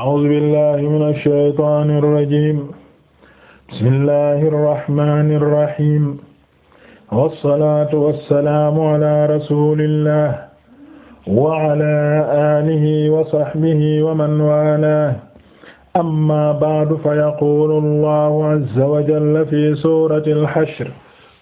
أعوذ بالله من الشيطان الرجيم بسم الله الرحمن الرحيم والصلاة والسلام على رسول الله وعلى آله وصحبه ومن والاه أما بعد فيقول الله عز وجل في سورة الحشر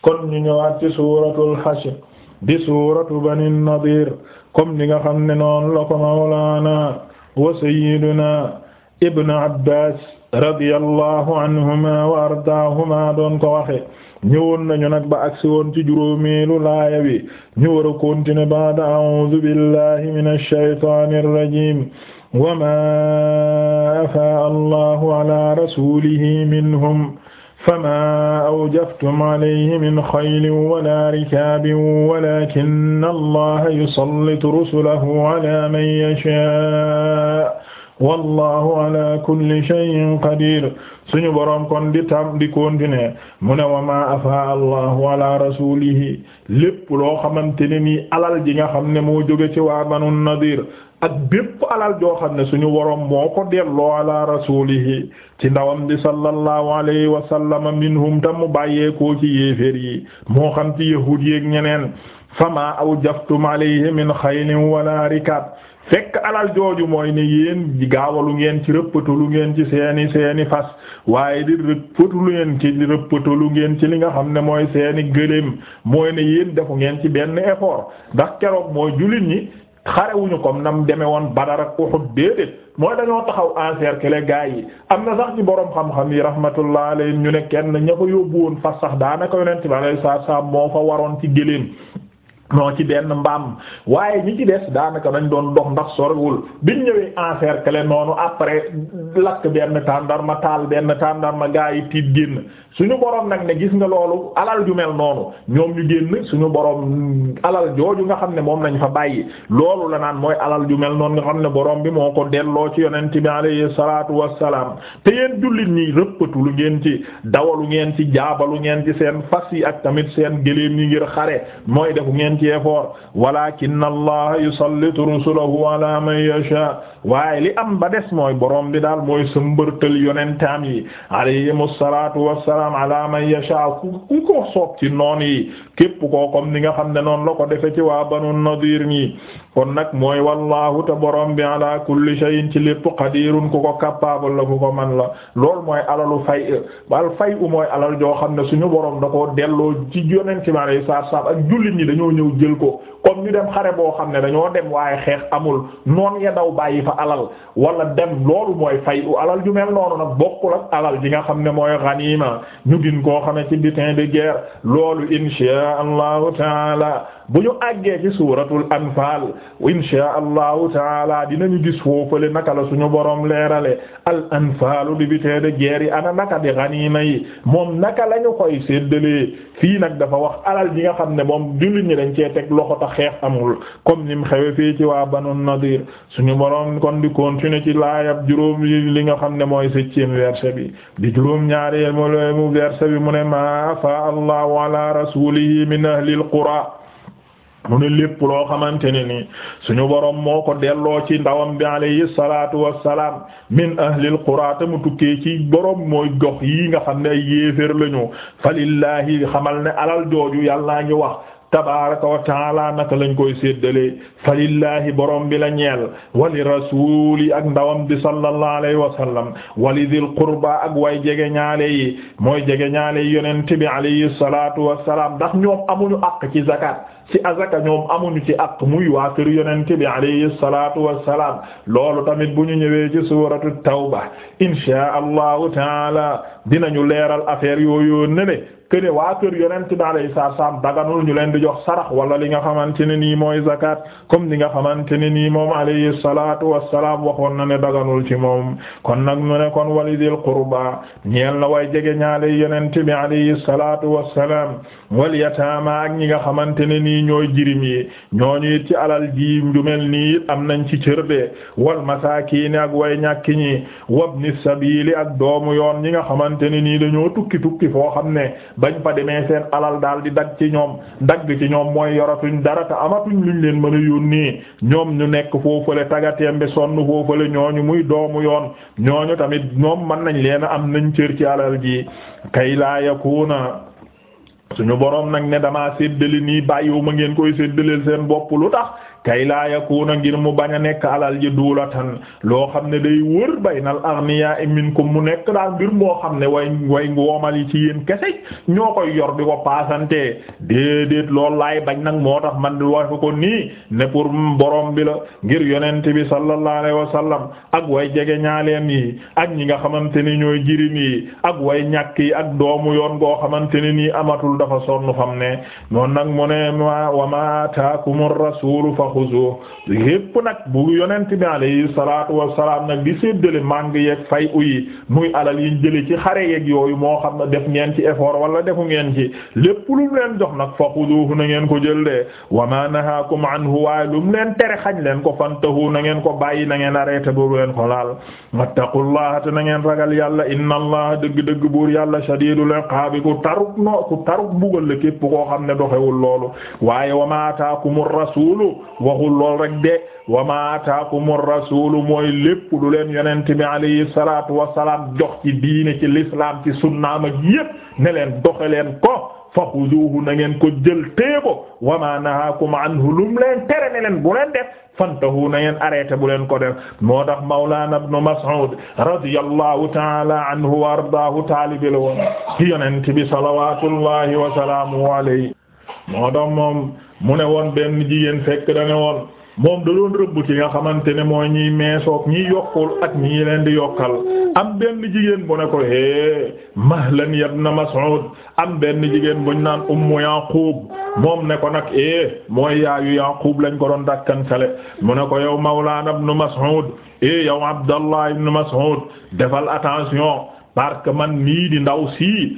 kon ñu ñëwaat ci suuratul Hashr di suuratu Bani Nadiir comme ni nga xam ne noonu la ko mawlaana wa sayyiduna ibn abbas radiyallahu anhuma wa ardaahuma doon ko waxe ñëwoon nañu nag ba agsi woon ci juróomeelu laaya wi ñu war a continuer baada a'uudu billahi minash shaytaanir rajiim wa maa afaa allahu ala rasuulihi minhum فما أوجفتم عليه من خيل ولا ركاب ولكن الله يسلط رسله على من يشاء wallahu ala kulli shay'in qadir suñu boroom kon di tam di mu ne wa ma afa allahu ala rasulihi lépp loo xamante ne nii alal ji nga xam ne moo jóge ci waa banu nadir ak bépp alal joo xam ne suñu boroom moo ko delloo ala rasulihi ci ndawam bi sallallahu alayhi wa sallama minhum tam mu bàyyeekoo ci yéeféer yi moo xam ci yahuud yeek ñeneen fama aw jaftum alayhi min xaylin wala rikab fekk alal jooju mooy ne yéen gaawalu ngeen ci rëppatalu ngeen ci seeni seeni fas waaye di rëppatalu ngeen ci rëppatalu ngeen ci li nga xam ne mooy seeni gëléem mooy ne yéen defu ngeen ci benn effort ndax keroog mooy jullit ñi xarewuñu ko nam deme woon Badar ak Uhud déedéet mooy dañoo taxaw encercler gaa yi am na sax ci boroom xam-xam yi rahmatullah alayhim ñu ne kenn ña ko yóbbu woon fas sax daanaka yonent bi alayhi salaam moo fa waroon ci gëléem non ci benn mbaam waaye ñi ci des daanaka dañ doon dox ndax sorewul biñ ñëwee encercler noonu après lakk benn tàndarma taal benn tàndarma gaa yi tiit génn suñu borom nag ne gis nga loolu alal ju mel noonu ñoom ñu génn suñu borom alal jooju nga xam ne moom lañ fa bàyyi loolu la naan mooy alal ju mel noonu nga xam ne borom bi moo ko delloo ci yonent bi alayhi salaatu wassalaam te yéen jullit ñi rëppatu lu ngeen ci dawalu ngeen ci jaabalu ngeen ci seen fas yi ak tamit seen gëléem yi ngir xare mooy defu ngeen ci effort walakinna allaha yusallitu rusulahu ala man yasha waaye li am ba des mooy borom bi daal mooy sëmbërtal yonentam yi alayhimu salaatu wassalaam ala man yasha ku ko soob ci noon yi képp ko comme ni nga xam ne noonu la ko defe ci waa banu nadir ñi kon nag mooy wallahu te borom bi ala kulli shay'in ci lépp qadirun ku ko capable la ku ko man la loolu mooy alalu fay al fay u mooy alal joo xam ne suñu borom da ko delloo ci yonent bi alayhi salaatu ak jullit ñëw jël ko comme ñu dem xare boo xam ne dañoo dem waaye xeex amul noon ya daw bàyyi fa alal wala dem loolu mooy fay u alal ju mel noonu nag bokkul ak alal ji nga xam ne mooy ganima ñu gin koo xam ne ci butin de guerre loolu insha allahu taala bu ñu àggee ci suuratul anfaal insha allahu taala dinañu gis foofale naka la suñu borom leerale al anfaalu liberté de guerre yi ana naka di ganiima yi moom naka lañu koy séddalee fii nag dafa wax alal ji nga xam ne moom jullit ñi dañ cee teg loxo ta xeex amul comme nim xewe fii ci waa banu nadir suñu borom kon di continuer ci laayab juróom li nga xam ne mooy septième verset bi di juróom ñaareel mu verset bi mu ne ma afa allahu ala rasulihi min ahlil qura mu ne lépp loo xamante ne ni suñu borom moo ko delloo ci ndawam bi alayhi salaatu wassalaam min ahlil qura mu tukkee ci borom mooy gox yi nga xam ne ay yéeféer lañu falillahi xamal ne alal jooju yàlla ngi wax tabaaraka wa taala naka lañ koy séddale falillahi borom bi la ñeel wali rasuuli ak ndawam bi sallallahu alayhi wa sallam wali dil qurba ak way jege ñaale yi mooy jege ñaale yi yonent bi alayhi salaatu wa salaam ndax ñoom amuñu àq ci zakat ci azaka ñoom amuñu ci àq muy waa kër yonent bi alayhi salaatu wa salaam loolu tamit bu ñu ñëwee ci suuratu tawba inshaa allahu taala dinañu leeral affaire yooyu ne kene waa kër yonent bi alayhi salaam daganul ñu leen di jox sarax wala li nga xamante ne nii mooy zakat comme li nga xamante ne nii moom alayhi salaatu wassalaam waxoon na ne daganul ci moom kon nag mu ne kon walidil qurba ñeel la way jege ñaale yonent bi alayhi salaatu wassalaam wal yataama ak ñi nga xamante ne nii ñooy jirim yi ñooñu it ci alal ji ju mel nii am nañ ci cër de wal masaakiin ak way ñàkk ñi wabni sabiili ak doomu yoon ñi nga xamante ne nii dañoo tukki tukki foo xam ne bañ fa demee seen alal daal di dagg ci ñoom dagg ci ñoom mooy yoratuñ dara te amatuñ luñ leen mën a yónnee ñoom ñu nekk foofale tagateem bi sonn foofale ñooñu muy doomu yoon ñooñu tamit ñoom mën nañ leen am nañ cër ci alal ji kay laa yakuna suñu borom nag ne damaa séddale nii bàyyiwu ma ngeen koy séddaleel seen bopp lu tax kay laa yakuna ngir mu bañ a nekk alal ji duulatan loo xam ne day wër baynal aghniya minkum mu nekk daal mbir moo xam ne way way woomal yi ci yéen kese ñoo koy yor di ko paasante déedéet lool laay bañ nag moo tax man di wax ko nii ne pour boroom bi la ngir yonent bi sallallahu alayhi wa sallam ak way jege ñaaleem yi ak ñi nga xamante ni ñooy jirim yi ak way ñàkk yi ak doomu yoon goo xamante ne nii amatul dafa sonn xam ne noonu nag mu ne ma ataakumur rasul xuzu yépp nag bu yonent bi alayhi salaatu wassalaam nag di séddale màng yeeg fay uyi muy alal yiñ jële ci xare yeeg yooyu moo xam ne def ngeen ci efoor wala defu ngeen ci lépp lu mu leen jox nag fa xuzuhu na ngeen ko jël de wa ma nahaakum anhu waaye lu leen tere xañ leen ko fantahu na ngeen ko bàyyi na ngeen arrêté boobu leen ko laal wattaqullaha te na ngeen ragal yàlla inna allaha dëgg-dëgg buur yàlla shadiidul iqaabi ku taruk no ku taruk bugal la képp koo xam ne doxewul loolu waxul lool rek de wa ma ataakumur rasulu mooy lépp lu leen yonent bi alayhi salaatu wasalaam jox ci diine ci l'islam ci sunnaam ak yépp ne leen doxe leen ko fa xuduuhu na ngeen ko jël téeko wa ma nahaakum anhu lum leen tere ne leen bu leen def fantahu na ngeen arrêté bu leen ko def moo tax mawlana ibn Mas'ud radiyallahu ta'ala anhu wa ardaahu taalibi la woon ci yonent bi salawatullahi wa salaamuhu alayhi moo tax moom mu ne woon benn jigéen fekk dane woon moom da doon rëbb ci nga xamante ne mooy ñiy meesoog ñiy yokkul ak ñii leen di yokkal am benn jigéen bu ne ko hee mahlan yabna Mas'ud am benn jigéen bu buñ naan ummu Yaqub moom ne ko nag eh mooy yaayu Yaqub lañ ko doon dàkkantale mu ne ko yow mawlaana ibn Mas'ud eh yow Abdallah ibn Mas'ud defal attention parce que man mii di ndaw sii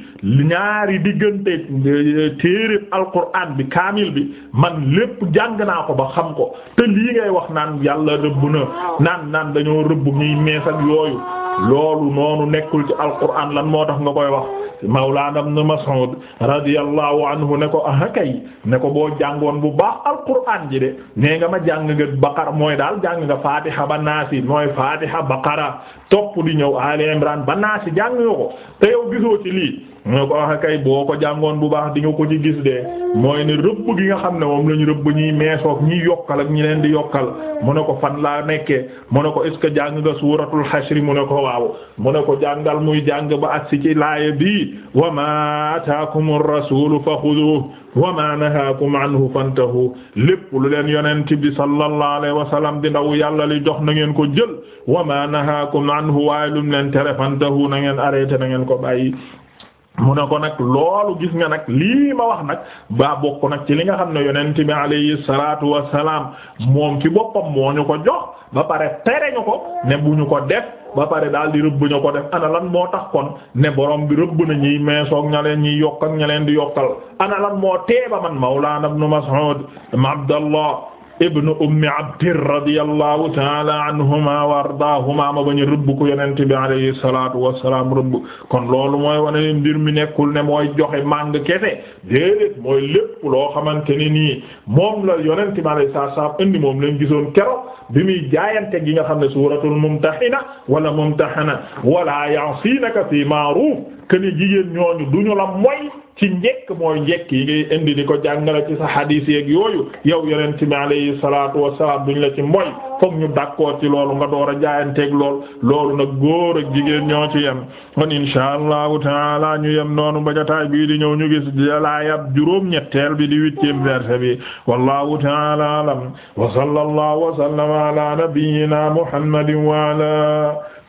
ñaari diggante euh, téeréb alquran bi kaamil bi man lépp jàng naa ko ba xam ko te lii ngay wax naan yàlla rëbb na naan naan dañoo rëbb ñuy mees ak yooyu loolu noonu nekkul ci alquran lan moo tax nga koy wax mawlaana ibn Mas'ud radiyallahu anhu ne ko ah kay ne ko boo jàngoon bu baax alquran ji de nee nga ma jàng nga baqara mooy daal jàng nga fatiha ba naasi mooy fatiha baqara topp di ñëw ali imran ba naasi jàng nga ko te yow gisoo ci lii ñoo ko waxe ah, kay boo ko jàngoon bu baax di nga ko ci gis de mooy ne rëbb gi nga xam ne moom la ñu rëbb ñiy meesoog ñiy yokkal ak ñi leen di yokkal mu ne ko fan laa nekke mu ne ko est ce que jàng nga suuratul xashri mu ne ko waaw mu ne ko jàngal muy jàng ba agsi ci laaya bii wa ma ataakumur rasuulu faxuduhu wa ma nahaakum anhu fantahu lépp lu leen yonent bi sallallahu alayhi wa sallam di ndaw yàlla li jox na ngeen ko jël wa ma nahaakum anhu waaye lu mu leen tere na ngeen arrêté na ngeen ko bàyyi mu ne ko nag loolu gis nga nag lii ma wax nag baa bokk nag ci li nga xam ne yonent bi alayhi salaatu wassalaam moom ci boppam moo ñu ko jox ba pare tere ñu ko ne bu ñu ko def ba pare daal di rëbb ñu ko def ana lan moo tax kon ne borom bi rëbb na ñiy meesoog ña leen ñiy yokk ak ña leen di yokkal ana lan moo teeba man mawlaana ibnu Mas'ud abdallah ibnu ummi abdir radiyallahu taala anhuma wa ardaahuma ma bañu rëbb ko yonent bi alayhi salatu wasalaam rëbb kon loolu mooy wane ne mbir mi nekkul ne mooy joxe màng kese déedéet mooy lépp loo xamante ne nii moom la yonent bi alayhi salatu wasalaam indi moom lañ gisoon keroog bi muy jaayante gi nga xam ne suuratul mumtahina wala mumtahana wala ya'sinaka fi ma'ruf kene jigéen ñooñu duñu la moy ci njekk mooy njekk yi ngay di ko jàngale ci sa hadis yeeg yooyu yow yonent bi alayhi salaatu wassalaam duñ la ci mooy foog ñu d'accord ci loolu nga door a jaayanteeg lool loolu nag góor ak jigéen ñoo ci yem kon insha allahu taala ñu yem noonu ba jotaay bii di ñëw ñu gis jalaayab juróom-ñetteel bi di huitième verset bi wallahu taala alam wa sallallahu wa sallama ala nabiyyina muhammadin wa ala